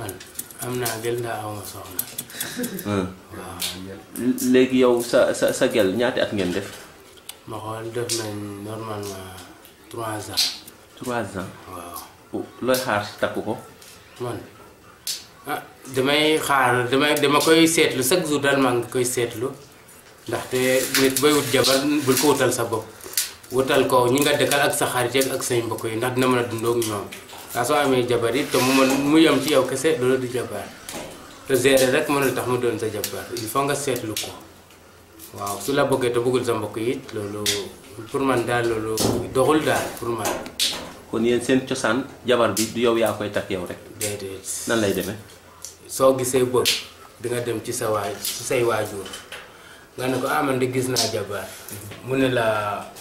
man am naa gël ndaa awma soxna hmm. waaw léegi yow sa sa gel ñaati at ngeen def ma xool def nañ normalement trois ans trois ans waaw looy xaar si takku ko man ah damay xaar damay dama koy seetlu chaque jour daal maa ngi koy seetlu ndaxte nit bay wut jabar bul ko wutal sa bopp wutal ko ñi nga dëkkal ak sa xarit ak say mbokk yi ndax dina mën a dundoo ak ñoom waaw soo amee jabar it te mu mën mu yem ci yow kese loolu du jabar te gérer rek mënul tax mu doon sa jabar il faut nga seetlu ko waaw su la bëggee te bëggul sa mbokk it loolu pour man daal loolu doxul daal pour man. kon yéen seen cosaan jabar bi du yow yaa koy takk yow rek. déedéet nan lay demee. soo gisee bëgg di dem ci sa waay say waajur nga ne ko ah man gis naa jabar mu ne la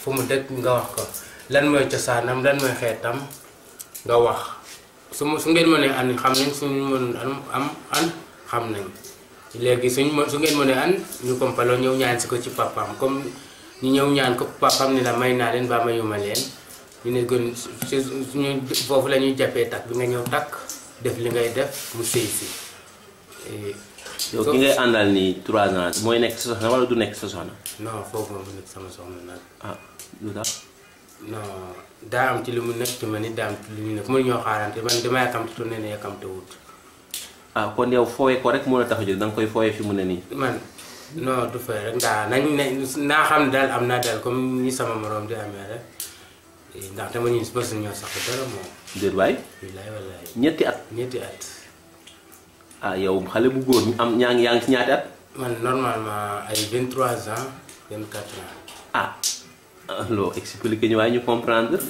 fu mu dëkk nga wax ko lan mooy cosaanam lan mooy xeetam. nga wax su su ngeen mënee an xam nañ suñ mën am an xam nañ léegi suñ su ngeen mënee an ñu kompaloo ñew ñaan ci ko ci papam comme ñu ñew ñaan ko papam ni la may na len ba mayuma len ñu ne gën suñu fofu la jappé tak bi nga ñew tak def li ngay def mu sey ci eh, yo ki ngay andal ni 3 ans moy nek sa soxna wala du nek sa soxna non fofu mo nek sama soxna nak ah lu tax non dam am ci li mu nekk ci ma ni daa am ci li mu nekk mënuñoo xaarante man dama yàkkamte tu ne ne yàkkamte wut ah kon yow fooye ko rek moo la tax a jóg koy fi mu ne man non du fay rek ndaa nañ ne naa xam ne daal am naa daal comme ñi sama morom di amee rek eh, ndax dama ñu bës ñoo sax dara moom déet waay bilaay wallaay ñetti at ñetti at ah yow xale bu am ñaa ngi yaa Man, ci ñaati at man normalement ay 23 ans 24 ans ah loo expliqué ñu waaye ñu comprendre